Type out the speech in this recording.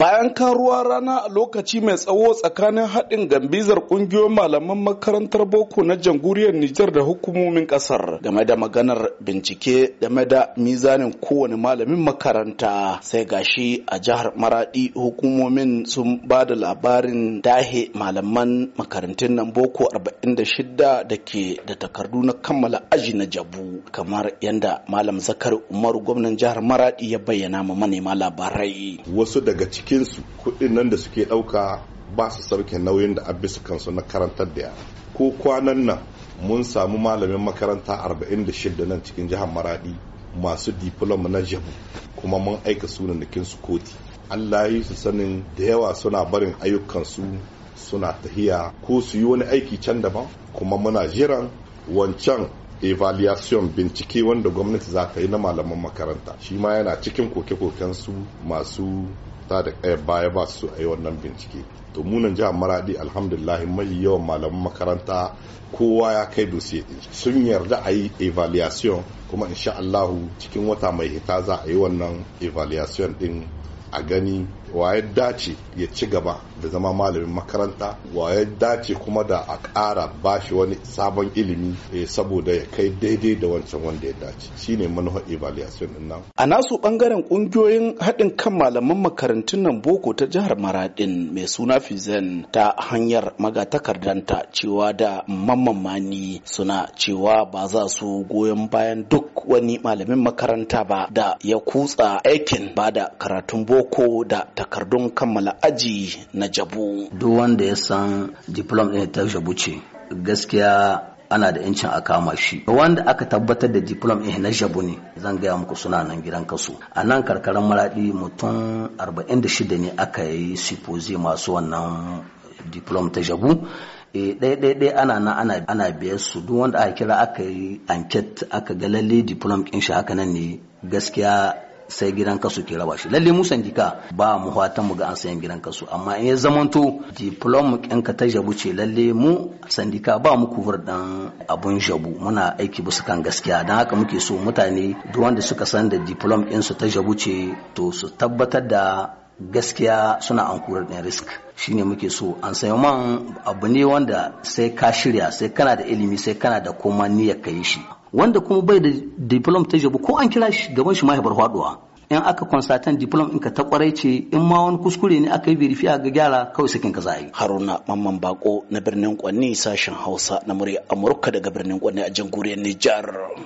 Bayan kan ruwa rana a lokaci mai tsawo tsakanin haɗin gambizar ƙungiyoyin malaman makarantar boko na jamhuriyar Nijar da hukumomin ƙasar game da maganar bincike game da mizanin kowane malamin makaranta sai gashi a jihar Maradi hukumomin sun ba da labarin dahe malaman makarantun nan boko 46 da ke da takardu na kammala aji na jabu kamar yadda malam Zakari umaru gwamnan jihar Maradi ya bayyana ma manema labarai wasu daga ciki cikinsu kuɗin nan da suke ɗauka ba su sauke nauyin da abin su kansu na karantar da yara ko kwanan nan mun samu malamin makaranta 46 nan cikin jihar maradi masu diploma na jabu kuma mun aika da su koti allah yi su sanin da yawa suna barin ayyukansu suna tahiya ko su yi wani aiki can daban kuma muna jiran wancan evaluation bincike wanda gwamnati za ta yi na malaman makaranta shi ma yana cikin koke-koken su masu ta da kayan baya ba su a yi wannan bincike to munan jihar maradi alhamdulillah mai yawan malaman makaranta kowa ya kai dosiye din sun yarda a yi evaluation kuma insha Allahu cikin wata mai hita za a yi wannan evaluation din a gani waye dace ya ci gaba da zama malamin makaranta waye dace kuma da a ƙara bashi wani sabon ilimi eh, saboda ya kai daidai da wancan wanda ya dace shine manufar evaluation din nan a nasu bangaren kungiyoyin haɗin kan malaman makarantun nan boko ta jihar maradin mai suna fizen ta hanyar magatakardanta cewa da mamamani suna cewa ba za su goyon bayan duk wani malamin makaranta ba da ya kutsa aikin ba da karatun boko da takardun kammala aji na jabu duk wanda ya san diplom ɗin ta jabu ce gaskiya ana da yancin a kama shi wanda aka tabbatar da diplom ɗin na jabu ne zan gaya muku suna nan gidan kasu a nan karkarar maraɗi mutum 46 ne aka yi sifozi masu wannan diplom ta jabu e ɗaya ana na ana ana biyar su duk wanda aka kira aka yi anket aka ga lalle diplom ɗin shi haka nan ne gaskiya sai gidan kasu ke raba shi lalle musan jika ba mu fatan mu ga an sayan gidan kasu amma in ya zamanto diplom ɗin ka ta jabu ce lalle mu sandika ba mu kubar dan abun jabu muna aiki bisa kan gaskiya dan haka muke so mutane duk wanda suka san da diplom ɗin su ta jabu ce to su tabbatar da gaskiya suna ankurar ɗin risk shi ne muke so an sayo man abu ne wanda sai ka shirya sai kana da ilimi sai kana da koma niyyar ka yi shi wanda kuma bai da diplom ta jabu ko an kira shi gaban shi ma in aka konsatan diplom in ka ta kwarai ce in ma wani kuskure ne aka yi birifiya ga gyara kawai sakin ka za haruna mamman bako na birnin kwanni sashen hausa na murya amurka daga birnin kwanni a jamhuriyar nijar